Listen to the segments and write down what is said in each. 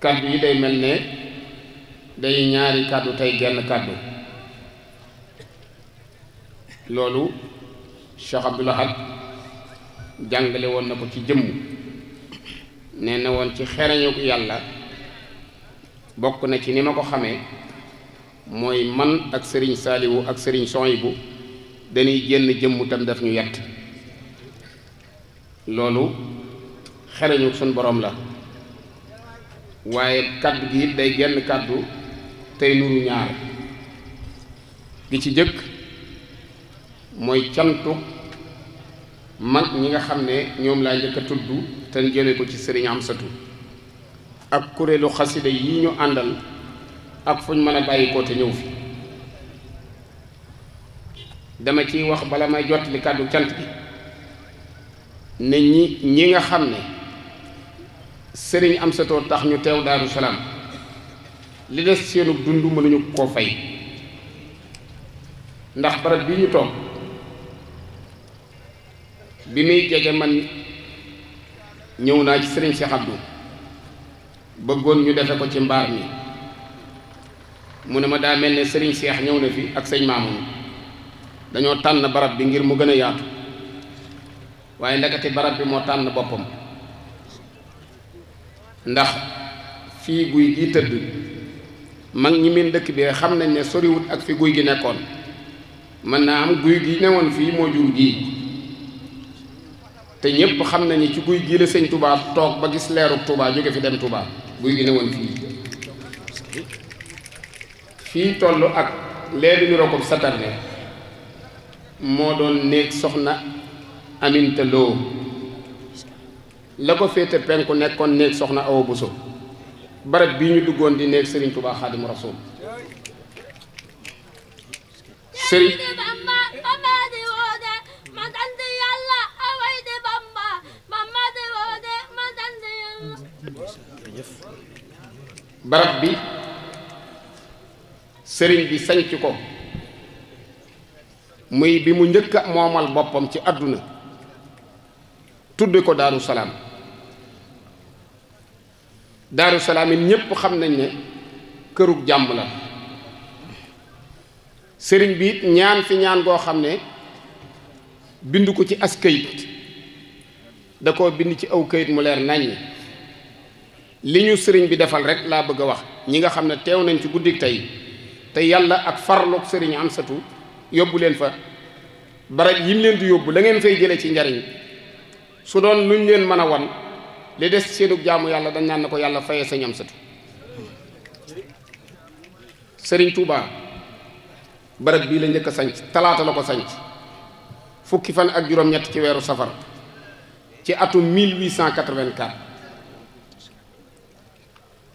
kàddu yi day mel ne day ñaari kàddu tey genn kàddu loolu Cheikh Abdoul Ahad jàngale woon na ko ci jëmm nee na woon ci xereñu yàlla bokk na ci ni ma ko xamee mooy man ak sëriñ saaliwu ak sëriñ bu dañuy génn jëmm tam daf ñu yett loolu xereñu suñ borom la waaye kàddu gi it day genn kàddu tey nuru ñaar gi ci jëkk mooy cantu mag ñi nga xam ne ñoom laa njëkk a tudd te jële ko ci sëriñ Amsatu ak kuréelu xasida yi ñu àndal ak fuñ mën a bàyyi ko te ñëw fii dama ciy wax bala may jottali kàddu cant bi ne ñi ñi nga xam ne sëriñ am satoo tax ñu teew daaru salaam li des seenu dund mënuñu koo fay ndax barab bi ñu toog bi muy jege man ñëw naa ci sëriñ Cheikh Abdou bëggoon ñu defe ko ci mbaar mi mu ne ma daa mel ne sëriñ seex ñëw na fi ak sëñ Mamoun dañoo tànn barab bi ngir mu gën a yaatu waaye ndekete barab bi moo tànn boppam ndax fii guy gi tëdd mag ñi meen dëkk bi xam nañ ne soriwut ak fi guy gi nekkoon mën naa am guy gi newoon fii moo jur gii te ñépp xam nañu ci guy gii la sëñ tubaab toog ba gis leeru Touba jóge fi dem Touba guy gi newoon fii fii tollu ak leedu ni rokob satarne moo doon néeg soxna Aminta Lo la ko féete penku nekkoon néeg soxna Awa Bousso barab bii ñu duggoon di néeg Serigne Touba Xaadimu Rasuul Serigne bi sëriñ bi sanc ko muy bi mu njëkk a moomal boppam ci àdduna tudde ko Daaru Salaam daaru salaam it ñépp xam nañ ne kërug jàmm la sëriñ bi it ñaan fi ñaan goo xam ne bind ko ci as kayit da koo bind ci aw këyit mu leer nañ li ñu sëriñ bi defal rek laa bëgg a wax ñi nga xam ne teew nañ ci guddi tey te yàlla ak farloog sëriñ Amsatu yóbbu leen fa barab yim leen di yóbbu la ngeen fay jële ci njariñ su doon luñ leen mën a wan li des seenug jaamu yàlla dañ naan na ko yàlla fayee sa ñam sëriñ Touba barab bii la njëkk a sanc talaata la ko sañc fukki fan ak juróom-ñett ci weeru safar ci atum 1884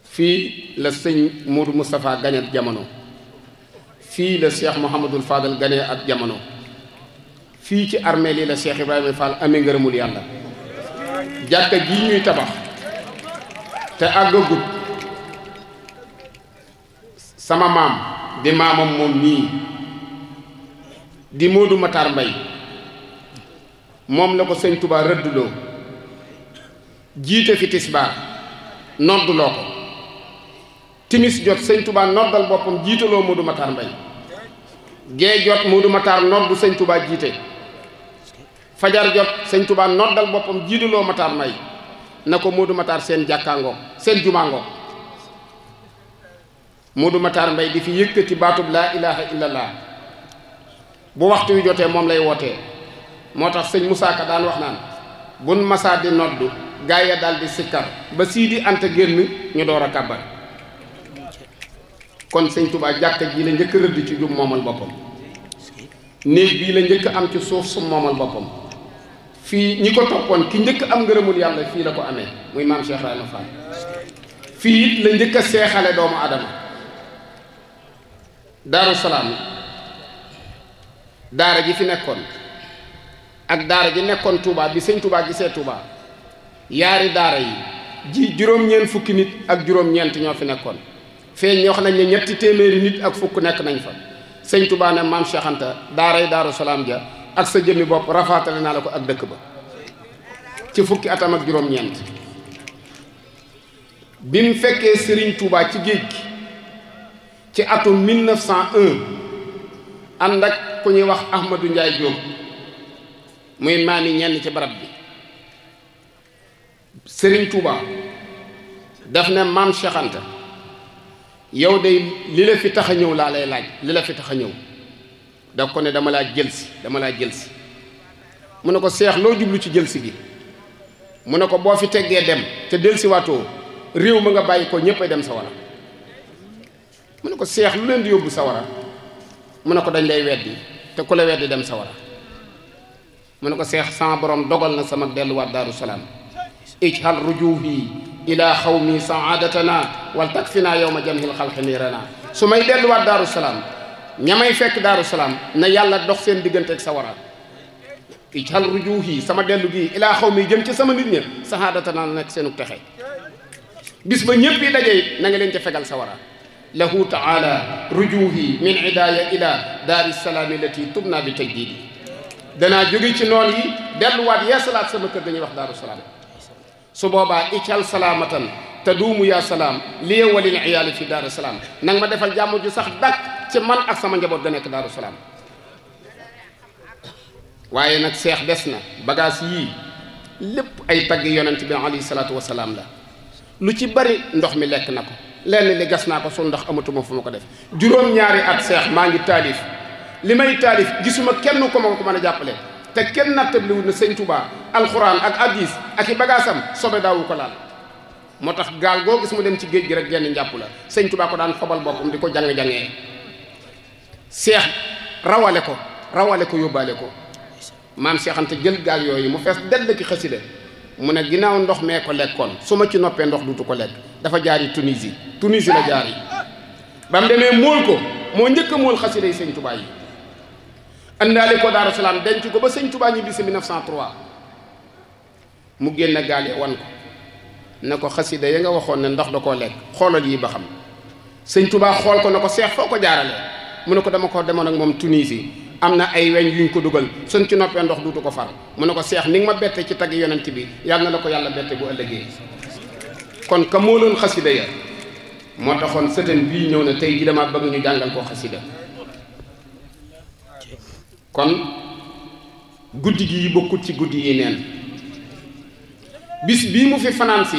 fii la sëñ Modou Moustapha gane ak jamono fii la seex Mouhamadul Fadal gane ak jamono fii ci armée lii la Cheikh Ibrahima Fall amee ngërëmul yàlla jàkka ji ñuy tabax te àggagut sama maam di maamam moom nii di Modou Matar Mbay moom la ko sëñ Touba rëdduloo jiite fi tisbaar nodduloo ko timis jot sëñ Touba noddal boppam jiitaloo Modou Matar Mbay gee jot Modou Matar noddu sëñ Touba jiite fajar jot sëñ Tuubaa noddal boppam jiiduloo Matar May na ko Moodu Matar seen jàkkaango seen jumaango Moodu Matar Mbay di fi yëkkati baatub laa ilaha illallah bu waxtu wi jotee moom lay wootee moo tax sëñ Musaa Ka daan wax naan bun masaa di noddu gaay ya daal di sikkar ba sii di ant génn ñu door a kàbbar kon sëñ Tuubaa jàkka ji la njëkk rëdd ci jum moomal boppam néeg bii la njëkk am ci suuf su moomal boppam fii ñi ko toppoon ki njëkk am ngërëmul yàlla fii la ko amee muy maam Cheikh Ibrahima fii it la njëkk a seexale doomu adama daaru salaam daara ji fi nekkoon ak daara ji nekkoon tuubaa bi sëñ Touba see Touba yaari daara yi ji juróom-ñeent fukki nit ak juróom-ñeent ñoo fi nekkoon feeñ wax nañ ne ñetti téeméeri nit ak fukk nekk nañ fa sëñ Touba ne maam Cheikh Anta daaray daaru ja ak sa jëmmi bopp rafaatale naa la ko ak dëkk ba ci fukki atam ak juróom-ñeent bi mu fekkee sëriñ Touba ci géej gi ci atum 1901 ànd ak ku ñuy wax Ahmadou Ndiaye Diop muy maami ñenn ci barab bi Serigne Touba daf ne maam Cheikh yow de li la fi tax ñëw laa lay laaj li la fi tax a ñëw. da ko ne dama laa jël si dama laa jël si mu ne ko seex loo jublu ci jël si gi mu ne ko boo fi teggee dem te del si waatoo réew ma nga bàyyi ko ñépp ay dem sawara mu ne ko seex lu leen di yóbbu sawara mu ne ko dañ lay weddi te ku la weddi dem sawara mu ne ko seex sama borom dogal na sama delluwaat daaru salaam ijhal rujuhi ila xawmi saadatana wal yow ma jamhil xalqi niirana su may delluwaat daaru salaam ñamay fekk daaru salaam na yàlla dox seen diggante ak sawara ijal rujuuhi sama dellu gii ilaa xaw mi jëm ci sama nit ña sahaadata naa nekk seenu texe bis ba ñépp yi daje na nga leen ca fegal sawara lahu taala rujuuhi min idaaya ila daari salaami lati tubna bi tajdiidi danaa jóge ci noon yi delluwaat yaa salaat sama kër dañuy wax daaru salaam su boobaa ical salaamatan te duumu yaa salaam liye walil iyaali fi daaru salaam nanga ma defal jàmm ju sax dàkk ci man ak sama njaboot da nekk daaru salaam waaye nag seex des na bagaas yii lépp ay tagg yonent bi alayhi salaatu wasalaam la lu ci bari ndox mi lekk na ko lenn li gas naa ko su ndox amatuma fu ma ko def juróom-ñaari at seex maa ngi taalif li may taalif gisuma kenn ku ma ko mën a jàppale te kenn nattabliwul na sëñ Touba alxuraan ak hadis ak i bagaasam sobe daawu ko laal moo tax gaal goo gis dem ci gi rek genn njàpp la sëñ Touba ko daan xobal boppam di ko jàng-jàngee seex rawale ko rawale ko yóbbaale ko maam Seex Anta jël gaal yooyu mu fees dell ki xasida mu ne ginnaaw ndox mee ko lekkoon su ma ci noppee ndox dutu ko lekk dafa jaari Tunisie Tunisie la jaari ba mu demee móol ko moo njëkk a móol xasida yi sëñ Tubaa yi andaale ko Daaru Salaam denc ko ba sëñ Tubaa ñibbi si 1903 mu génn gaal ya wan ko na ko xasida ya nga waxoon ne ndox da koo lekk xoolal yi ba xam sëñ Tubaa xool ko na ko seex foo ko jaarale mu ne ko dama ko demoon ak moom Tunisie am na ay weñ yuñ ko dugal suñ ci noppee ndox duutu ko far mu ne ko seex ni nga ma bette ci tagg yonent bi yàlla na ko yàlla bette bu ëllëgee kon ka moo loon xasida ya moo taxoon sëtën bii ñëw na tey ji dama bëgg ñu jàngal ko xasida kon guddi gi kut ci guddi yi neen bis bii mu fi fanaan si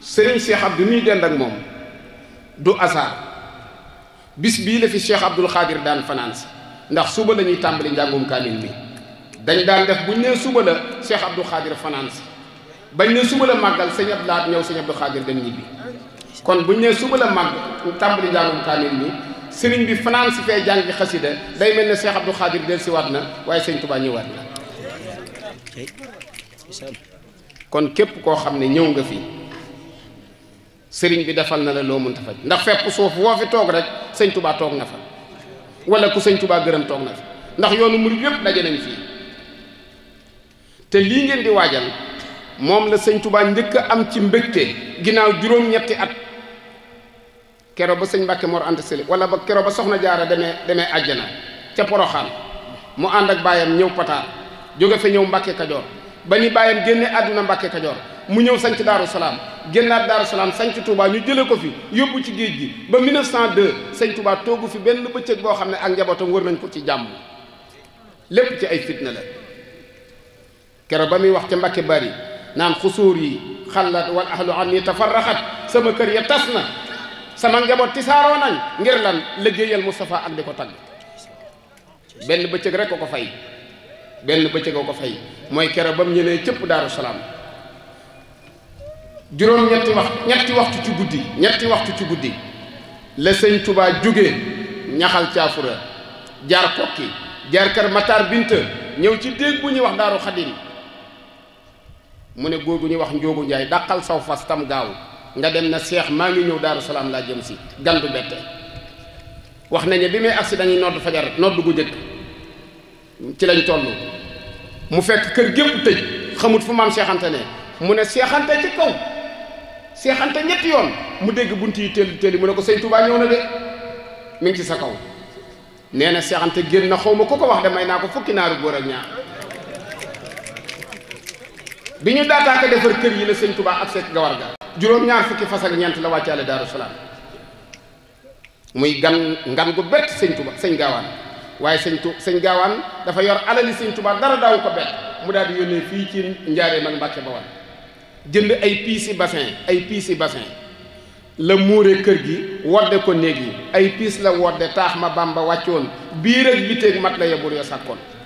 sëriñ Seex Abdu muy dend ak moom du asaar bis bii la fi Cheikh Abdoul Khadir daan fanaan si ndax suba lañuy tàmbali njàngum kaamil mi dañ daan def buñ nee suba la Cheikh Abdoul Khadir fanaan si bañ ne suba la màggal sëñ Abdou Lahad ñëw sëñ Abdoul Khadir dem ñibbi kon buñ nee suba la màgg tàmbali njàngum kaamil mi sëriñ bi fanaan si fee jàngi xasida day mel ne Cheikh Abdoul Khadir del si waat na waaye sëñ Touba ñëwaat na kon képp koo xam ne ñëw nga fi sëriñ bi defal na la loo mënta faj ndax fepp suuf woo fi toog rek sëñ tubaa toog na fa wala ku sëñ tubaa gërëm toog na fa ndax yoonu murid yépp daje nañ fii te lii ngeen di waajal moom la sëñ tubaa njëkk am ci mbégte ginnaaw juróom-ñetti at kero ba sëñ Mbàkke moor Anta Sali wala ba kero ba soxna jaara demee demee àjjana ca poroxaan mu ànd ak baayam ñëw pataar jóge fa ñëw Mbàkke Kajoor ba ni baayam génne àdduna Mbàkke Kajoor mu ñëw sanc Daaru Salaam génnaat Daaru Salaam sañc Touba ñu jëlee ko fi yóbbu ci géej gi ba 1902 sëñ Touba toogu fi benn bëccëg boo xam ne ak njabootam wër nañ ko ci jàmm lépp ci ay fitna la keroog ba muy wax ca Mbakke bari naan xusuur yi xalat wal ahlu an ni tafarraxat sama kër ya tas na sama njaboot tisaaroo nañ ngir lan liggéeyal Moustapha ak di ko tagg benn bëccëg rek ko ko benn bëccëg ko ko mooy keroog ba mu ñëwee cëpp Daaru Salaam. juróom ñetti wax ñetti waxtu ci guddi ñetti waxtu ci guddi la sëñ Touba jóge ñaxal caafura jaar kokki jaar kër Matar Binta ñëw ci déeg bu ñuy wax daaru xadim mu ne googu gu ñuy wax Njoogu Njaay dàqal saw fas tam gaaw nga dem na seex maa ngi ñëw daaru salaam laa jëm si gan du bette wax nañu bi muy agsi dañuy nodd fajar nodd gu jëkk ci lañ toll mu fekk kër gépp tëj xamut fu maam seexante ne mu ne seexante ci kaw Seex ñetti yoon mu dégg bunt yi tëll tëll mu ne ko sëñ Touba ñëw na de mi ci sa kaw nee na Seex Anta génn na xaw ma ku ko wax de may naa ko fukki naaru góor ak ñaar bi ñu daataaka defar kër yi la sëñ Touba ak Seex Gawar ga juróom-ñaar fukki fas ak ñeent la wàccaale Daaru Salaam muy gan ngan gu bett sëñ Touba sëñ Gaawaan waaye sëñ tu sëñ Gaawaan dafa yor alali sëñ Touba dara daaw ko bett mu daal di yónnee fii ci Njaaréem ak Mbàkke Bawal jënd ay piisi bassin ay piisi bassin la muure kër gi wodde ko néeg yi ay piis la wodde taax ma ba wàccoon biir ak biteeg mat la yebur ya sàkkoon